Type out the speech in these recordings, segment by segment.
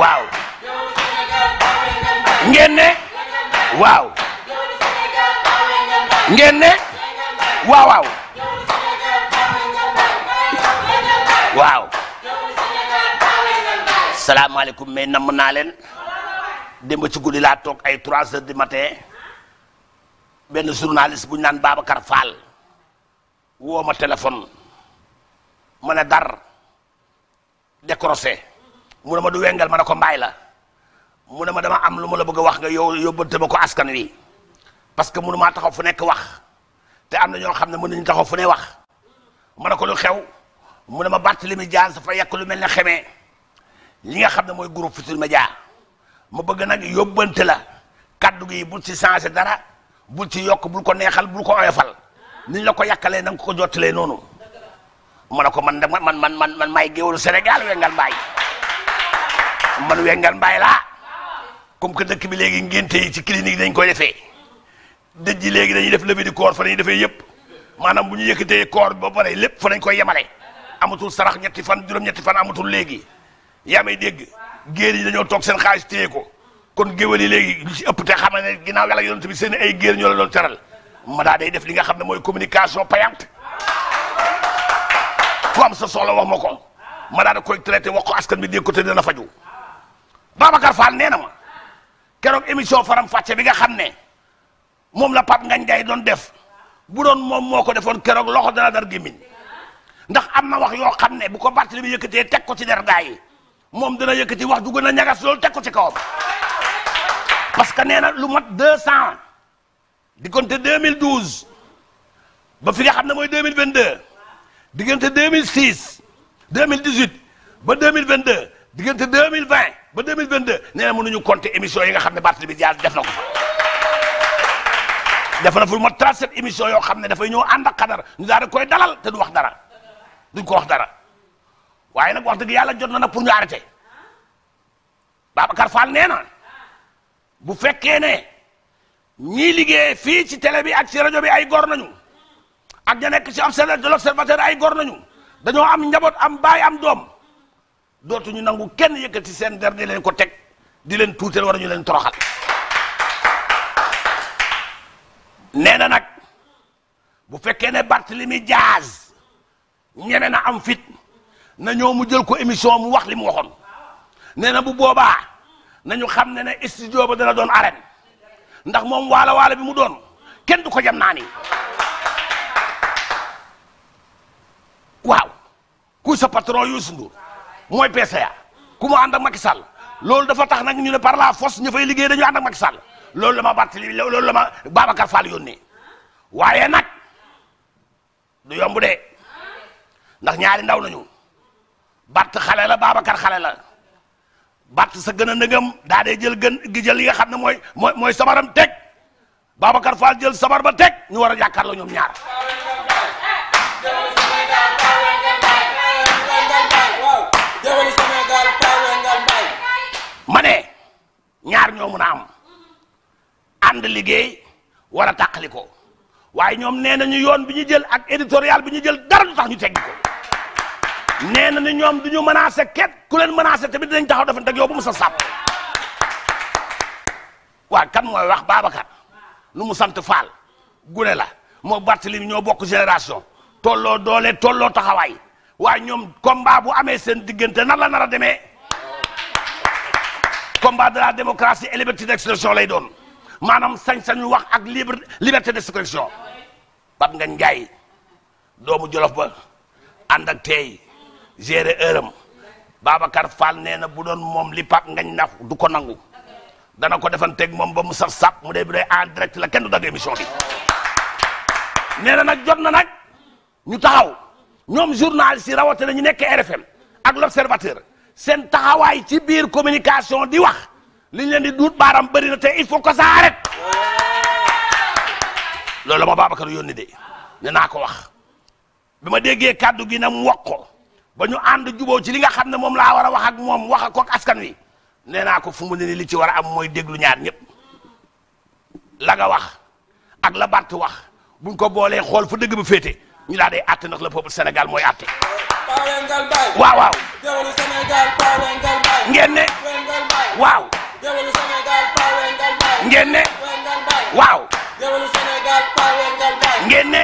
waaw ngeen ne waaw waaw waaw waaw salaamaaleykum mais namm naa leen démb ci guddi laa toog ay trois heures du matin benn journaliste bu ñu naan Babacar Fall woo ma téléphone ma ne dar décroché mu ne ma du wengal ma ne ko mbaay la mu ne ma dama am lu ma la bëgg a wax nga yow yóbbante ma ko askan wi parce que mënu maa taxaw fu nekk wax te am na ñoo xam ne mën nañu taxaw fu ne wax ma ne ko lu xew mu ne ma Barthélémy Dias dafa yàq lu mel ne xemee li nga xam ne mooy groupe Futurs Médias ma bëgg nag yóbbante la kaddu gi bul ci changé dara bu ci yokk bul ko neexal bul ko oyofal niñ la ko yàkkalee na nga ko jottalee noonu ma ne ko man man man man man maay géwélu Sénégal wengal mbaay man wengal mbaay laa comme que dëkk bi léegi ngénte yi ci clinique dañ koy defee dëj yi léegi dañuy def levée du corps fa dañuy defee yëpp maanaam bu ñu yëkkatee corps bi ba pare lépp fa dañ koy yemale amatul sarax ñetti fan juróom-ñetti fan amatul léegi yaa may dégg géer yi dañoo toog seen xaalis téye ko kon géwél yi léegi lu ci ëpp te xam ne ginnaaw yoon yonent bi seen ay géer ñoo la doon teral ma daa day def li nga xam ne mooy communication payante ku am sa soxla wax ma ko ma daa da koy askan bi dégg ko te dina faju Babacar Fall nee na ma keroog émission faram fàcce bi nga xam ne moom la Pape Ngagne Ndiaye doon def bu doon moom moo ko defoon keroog loxo dana dar gémmiñ ndax am na wax yoo xam ne bu ko Barthélémy yëkkatee teg ko ci der gaa yi moom dana yëkkati wax ju na a ñagas loolu teg ko ci kawam parce que nee na lu mat deux cent diggante 2012 ba fi nga xam ne mooy 2022 diggante 2006 2018 ba 2022 diggante 2020 ba 2022 nee na mënuñu compter émission yi nga xam ne Barthélémy Dias def na ko def na fu mot 37 émission yoo xam ne dafay ñëw ànd ak xadar ñu daal di koy dalal te du wax dara duñ ko wax dara waaye nag wax dëgg yàlla jot na na pour ñu arrêté Babacar Fall nee na bu fekkee ne ñii liggéey fii ci tele bi ak ci rajo bi ay góor nañu ak ña nekk ci observateur de l'observateur ay góor nañu dañoo am njaboot am baay am doom dootuñu nangu kenn yëkkati seen der di leen ko teg di leen tuutel wala ñu leen toroxal nee na nag bu fekkee ne Barthélemy Diaz ñeme na am fit na ñoo mu jël ko émission mu wax li mu waxoon nee na bu boobaa nañu xam ne ne studio ba dana doon arène ndax moom waala waala bi mu doon kenn du ko jam naa ni waaw kuy sa patron Youssou Ndour mooy PCA ku mu ànd ak Macky Sall loolu dafa tax nag ñu ne par la force ñu fay liggéey dañu ànd ak Macky Sall loolu la ma Barthélémy loolu la ma Babacar Fall yónnee waaye nag du yomb de ndax ñaari ndaw lañu Bart xale la Babacar xale la bat sa gën a ndëgam daa dee jël gën gi jël li nga xam ne mooy mooy mooy sabaram teg Babacar Fall jël sabar ba teg ñu war a jàkkaarloo ñoom ñaar. ñaar ñoo mun a am ànd liggéey war a tàqali ko waaye ñoom nee nañu yoon bi ñu jël ak éditorial bi ñu jël dara du tax ñu teggi ko nee na ni ñoom du ñu menacé ket ku leen menacé tamit dañ taxaw defante ak yow bu mu sa sàpp waa kan mooy wax Babacar nu mu sant Fall gune la moo Barthélémy ñoo bokk génération tolloo doole tolloo taxawaay waaye ñoom combat bu amee seen diggante nan la nar a demee combat de la démocratie et liberté d'expression lay doon maanaam sañ-sañu wax ak libre liberté d'expression Pape Ngagne Ndiaye doomu Jolof ba ànd ak tey gérer heure am nee na bu doon moom li Pape Ngagne na du ko nangu dana ko defanteeg moom ba mu saf sap mu dee bu dee en direct la kenn du dagg émission bi nee na nag jot na nag ñu taxaw ñoom journalistes yi rawatina ñu nekkee RFM ak l'Observateur seen taxawaay ci biir communication di wax li ñu leen di duut baaram bari na te il faut que ça arrête loolu la ma Babacar yónni de ne naa ko wax bi ma déggee kàddu gi na mu wax ko ba ñu ànd juboo ci li nga xam ne moom laa war a wax ak moom wax ko kook askan wi nee naa ko fu mu ne ni li ci war a am mooy déglu ñaar ñëpp la nga wax ak la Bart wax buñ ko boolee xool fu dëgg ba féete ñu daal day àtte nag le Sénégal mooy àtte. waaw waaw. ngeen ne. waaw. ngeen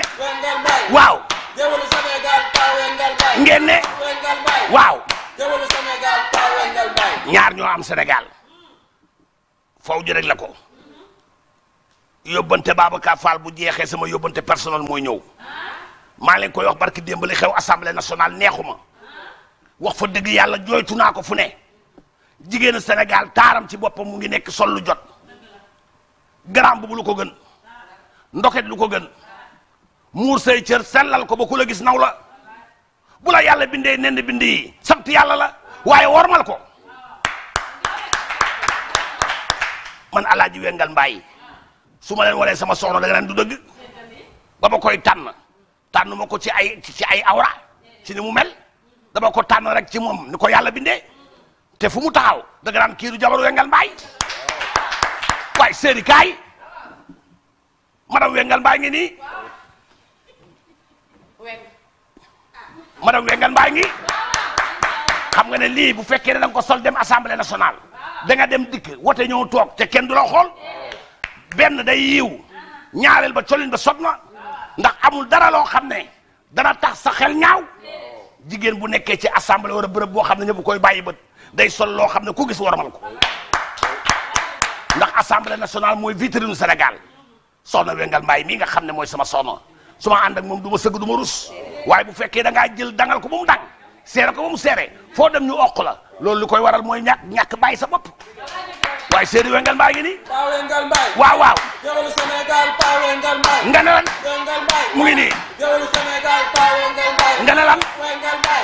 waaw. ñaar ñoo am Sénégal. faw ji rek la ko. yóbbante Babacar Fall bu jeexee sama yóbbante personnel mooy ñëw. maa leen koy wax barki démb li xew assemblée nationale neexuma wax fa dëgg yàlla jooytu naa ko fu ne jigéenu Sénégal taaram ci boppam mu ngi nekk sol lu jot garam bu lu ko gën ndoket lu ko gën muur say cër sellal ko ba ku la gis naw la bu la yàlla bindee nenn bind yi sant yàlla la waaye wormal ko man alaaji wengal mbaay su ma leen waree sama soxna da leen du dëgg ba ma koy tànn tànn ma ko ci ay ci ay awra ci ni mu mel dama ko tànn rek ci moom ni ko yàlla bindee te fu mu taxaw da nga naan kii du jabaru Wengal Mbaay waay séeri kaay madame Wengal Mbaay ngi nii madame Wengal Mbaay ngi xam nga ne lii bu fekkee ne da ko sol dem assemblée nationale danga dem dikk wote ñëw toog te kenn du la xool benn day yiiw ñaareel ba colin ba sot ndax amul dara loo xam ne dara tax sa xel ñaaw jigéen bu nekkee ci assemblée wala bërëb boo xam ne ñëpp koy bàyyi bët day sol loo xam ne ku gis warmal ko ndax assemblée nationale mooy vitrine Sénégal soxna Wengal Mbaye mii nga xam ne mooy sama soxna su ma ànd ak moom du ma sëgg du ma rus waaye bu fekkee da ngaa jël dangal ko ba mu dang seere ko ba seere foo dem ñu okk la loolu li koy waral mooy ñàkk ñàkk bàyyi sa bopp waaye séeri nga ne lan nga ne